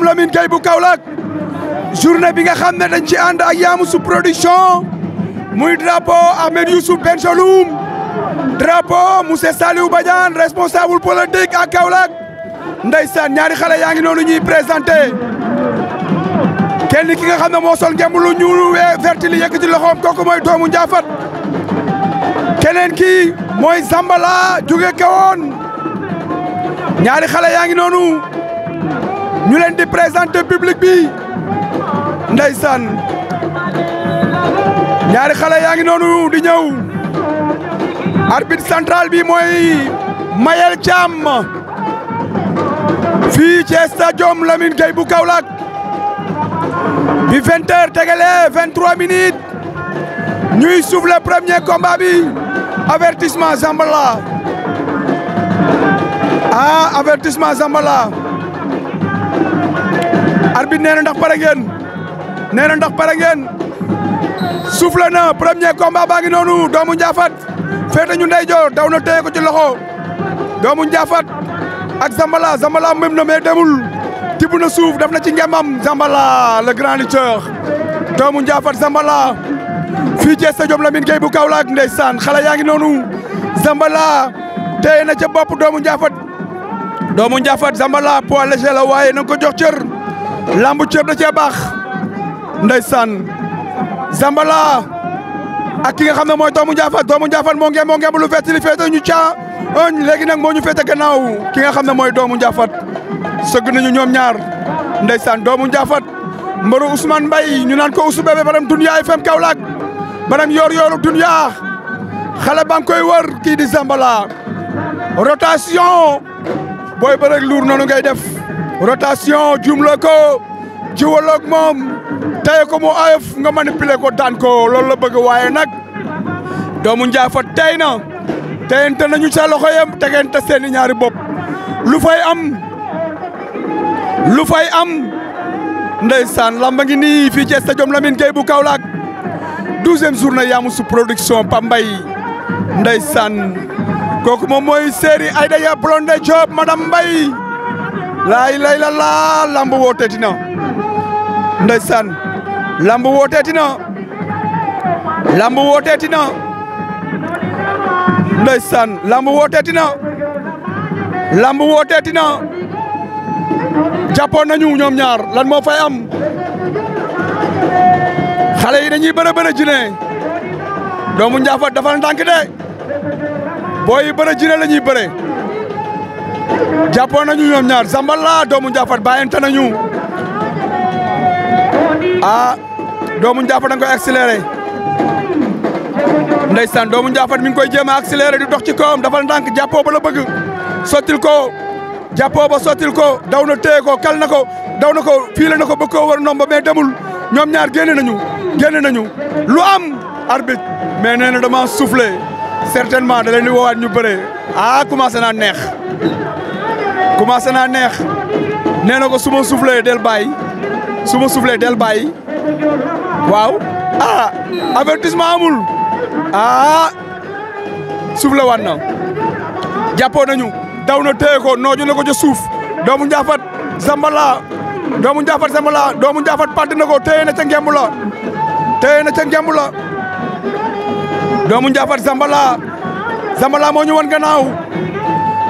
Maam Lamine Gueye bu Kaolack journée bi nga xam ne dañ ci ànd ak Yamoussou production muy drapeau Ahmed Youssouf Ben Saloum drapeau monsieur Saliou Badiane responsable politique à Kaolack ndeysaan ñaari xale yaa ngi noonu ñuy présenté kenn ki nga xam ne moo sol ngemb lu ñuul vert li yëkkati loxoom kooku mooy doomu Ndiafat keneen ki mooy Zambala jóge kawoon ñaari xale yaa ngi noonu ñu leen di présenter public bi ndeysaan ñaari xale ngi noonu di ñëw arbitre central bi mooy Mayel Thiam fii ci stadium Lamine Gueye bu Kaolack bi 20 heures tegalee 23 minutes ñuy souffle premier combat bi avertissement Zambala ah avertissement Zambala arbitre nee na ndax pare ngeen nee na ndax pare ngeen soufflé na premier combat noonu doomu Ndiaffate féete ñu ndeyjoor daw na téye ko ci loxo doomu Ndiaffate ak Zambala Zambala mëm na mais demul tibb na suuf def na ci ngemam Zambala le grand lutteur doomu Ndiaffate Zambala fii ci stadium Lamine Gueye bu Kaolack ndeysaan xale yaa ngi noonu Zambala téye na ca bopp doomu Ndiaffate doomu Ndiaffate Zambala poids léger la waaye na ko jox cër lambu ceeb da ci bax ndaysan Zambala ak ki nga xamne moy doomu Njaafat doomu Njaafat mo ngeem mo ngeem lu fete li fete ñu on legi nak mo ñu fete gannaaw ki nga xamne moy mooy doomu Njaafat sëgg nañu ñom ñaar ndaysan doomu Njaafat mbaru Ousmane mbay ñu nan ko usu bebe param Dunya FM Kaulak, param Yor Yor Dunya xala bang koy wër ki di Zambala rotation boy ba rek luur noonu ngay def rotation djum ko jiwal ak moom tey ko mo af nga manipuler ko dan ko lolou la bëgg waaye nag doomu Ndiaffate tay na teyante nañu ca loxoyam yam tegente ñaari bop lu fay am lu fay am ndeysaan lamba ngi nii fii ci stadium Lamine Gueye bu 12e journée production Pambay ndeysaan kokuma moy mooy ayda ya blonde job madame laay lay la laa lamb wooteeti na ndeysaan lamb wooteeti na lamb wooteeti na ndeysaan lamb wooteeti na lamb wooteeti na jàppoon nañu ñoom ñaar lan moo fay am xale yi dañuy bëre bëre jine doomu Ndiaffate dafa ndànk de booy yi bëre la ñuy bëre jàppoon nañu ñoom ñaar Zambala doomu Ndiaffate bàyyante ñu ah doomu Ndiaffate da nga koy accéléré ndeysaan doomu Ndiaffate mi ngi koy jéem a accéléré di dox ci kawam dafa ndànk jàppoo ba la bëgg sottil ko jàppoo ba sottil ko daw na téye ko kal na ko daw na ko fiile na ko bëgg koo war nomba mais demul ñoom ñaar génne nañu génne nañu lu am arbitre mais nee dama soufflé. certainement da leen di woowaat ñu bëre ah commencé naa neex commencé naa neex nee na ko su ma del baay suma ma soufflé del bàyyi waaw ah avertissement amul ah soufflé waat na jàppoo nañu daw na téye ko nooju na ko ca suuf doomu njaafat zambala doomu njaafat zambala doomu njaafat pàdd na ko téye na ca ngemb na ca ngemb doomu Ndiaffate Zambala Zambala mo ñu won gannaaw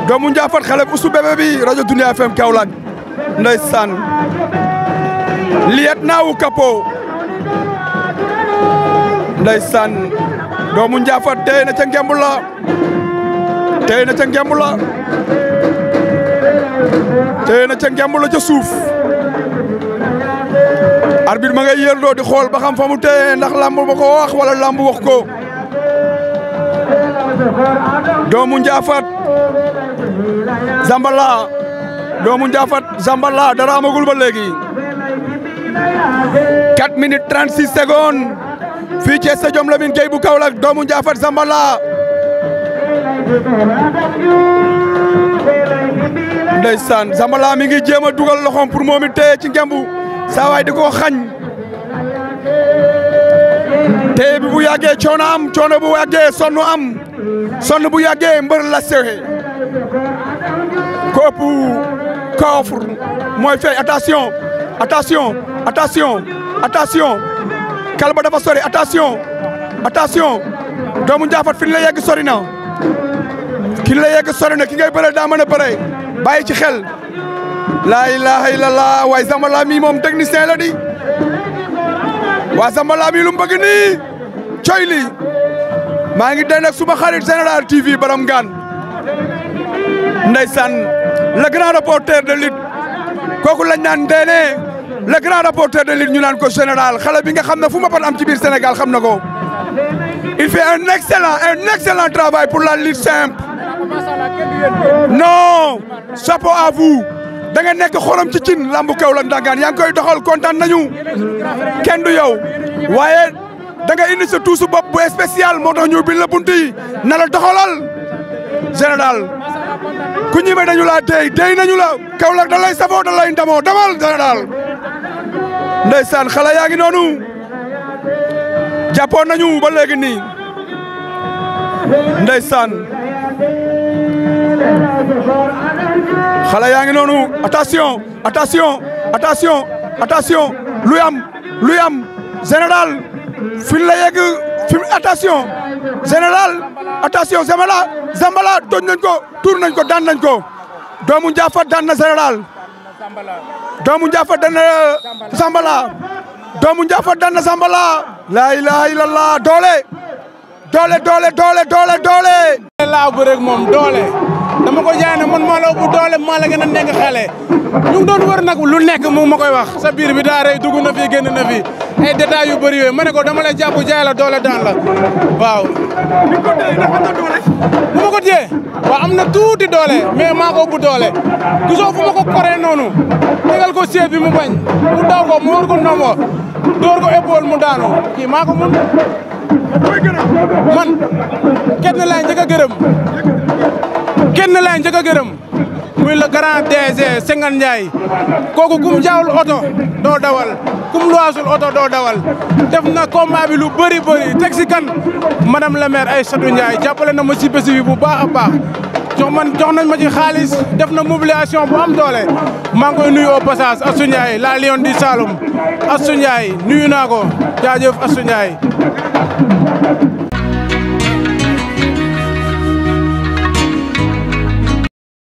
doomu njaafat xale ku su bébé bi radio Dunia FM Kaolack ndaysan liet naawu kapo ndaysan doomu njaafat tey na ca ngemb la tey na ca ngemb la tey na ca ngemb la ca suuf arbitre ma ngay yeldo di xol ba xam famu mu ndax lamb ba ko wax wala lamb wax ko doomu Njaafat Zambala doomu Njaafat Zambala dara amagul ba léegi 4 minutes 36 secondes fii ci stadium Lamine Gueye bu Kaolack doomu Njaafat Zambala ndeysaan Zambala mi ngi jéem a dugal loxoom pour moom it ci ngembu saa di ko xañ tey bu yàggee coono am coono bu yàggee sonn am sonn bu yàggee mbër la sexe ko ëpp coffre mooy fay attention attention attention attention kalba dafa sori attention attention doomu njaafat fi la yegg sori na ki la yegg sori na ki ngay bëre daa mën a bëre bàyyi ci xel laa ilaha illallah waaye Zambala mi moom technicien la di waa Zambala mi lu mu bëgg nii coy lii maa ngi den suba suma xarit général TV baram gaan ndeysaan le grand reporter de lutte kooku lañ naan Ndéné le grand reporter de lutte ñu naan ko général xale bi nga xam ne fu ma pat am ci biir Sénégal xam na ko il fi un excellent un excellent travail pour la lutte simple non chapeau à vous nekk xorom ci cin lambu kew la ndangaan yaa ngi koy doxal kontaan nañu kenn du yow waaye da nga indi sa tuusu bopp bu spécial moo tax ñu bin la bunt yi na la doxalal général ku ñu la laa déy déy nañu la Kaolack da lay safoo da lay ndamoo demal général ndeysaan xale yaa ngi noonu jàppoon nañu ba léegi nii ndeysaan xale yaa ngi noonu attention attention attention attention luy am luy am général fin la yegg fi attention général attention Zambala Zambala tooñ nañ ko tuur nañ ko dan nañ ko doomu Ndiaffate daan na général doomu Ndiaffate daan na euh, Zambala laa ilaaha illallah doole doole doole doole doole doole laa bu doole doole a nekk lu nekk mu ma koy wax sa biir bi daa rey na fi génn na fi ay détails yu bëri yooyu ma ne ko dama lay jàpp jaay doole daan la waaw. ni ko téye ndax am na tuuti doole mais maa ko doole gisoo fu ma ko noonu tegal ko siège mu bañ mu daw ko mu war ko nombo door ko mu daanu kii maa ko mun. man kenn laay njëkk a gërëm kenn laay njëkk a gërëm. muy le grand DG Senghane Ndiaye kooku kum jaawul oto doo dawal kum luwaasul oto doo dawal def na combat bi lu bëri bëri teg si kan madame la ay Aïssatou Ndiaye jàppale na ma si bés bu baax a baax jox man jox nañ ma ci xaalis def na mobilisation bu am doole maa ngi koy nuyu au passage la lion di Saloum Astou Ndiaye nuyu naa ko jaajëf Astou Ndiaye